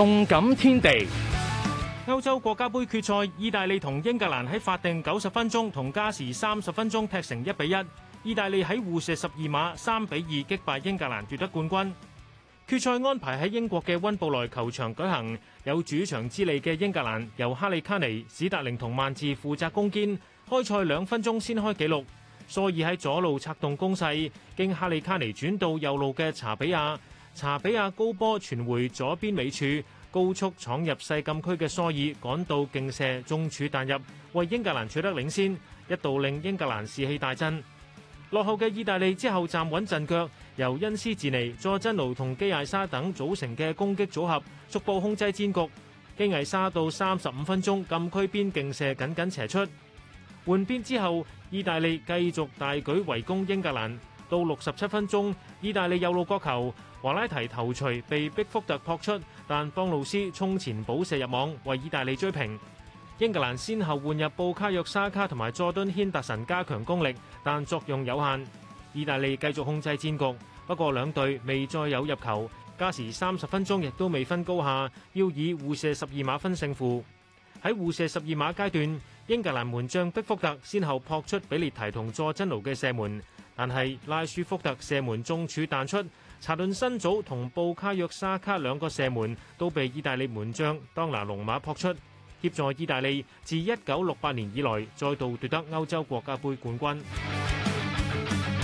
動感天地，歐洲國家盃決賽，意大利同英格蘭喺法定九十分鐘同加時三十分鐘踢成一比一，意大利喺互射十二碼三比二擊敗英格蘭奪得冠軍。決賽安排喺英國嘅溫布萊球場舉行，有主場之利嘅英格蘭由哈利卡尼、史達靈同萬治負責攻堅，開賽兩分鐘先開紀錄，梳爾喺左路策動攻勢，經哈利卡尼轉到右路嘅查比亞。查比亞高波傳回左邊尾柱，高速闖入細禁區嘅梳爾趕到勁射中柱彈入，為英格蘭取得領先，一度令英格蘭士氣大振。落後嘅意大利之後站穩陣腳，由恩斯治尼、佐真奴同基艾莎等組成嘅攻擊組合逐步控制戰局。基艾莎到三十五分鐘禁區邊勁射，緊緊斜出。換邊之後，意大利繼續大舉圍攻英格蘭。到六十七分鐘，意大利右路角球，華拉提頭槌被逼福特撲出，但邦奴斯衝前補射入網，為意大利追平。英格蘭先後換入布卡約沙卡同埋佐敦軒達臣加強攻力，但作用有限。意大利繼續控制戰局，不過兩隊未再有入球。加時三十分鐘亦都未分高下，要以互射十二碼分勝負。喺互射十二碼階段，英格蘭門將逼福特先後撲出比列提同佐真奴嘅射門。但係，拉舒福特射門中柱彈出，查頓新祖同布卡約沙卡兩個射門都被意大利門將當拿龍馬撲出，協助意大利自一九六八年以來再度奪得歐洲國家盃冠軍。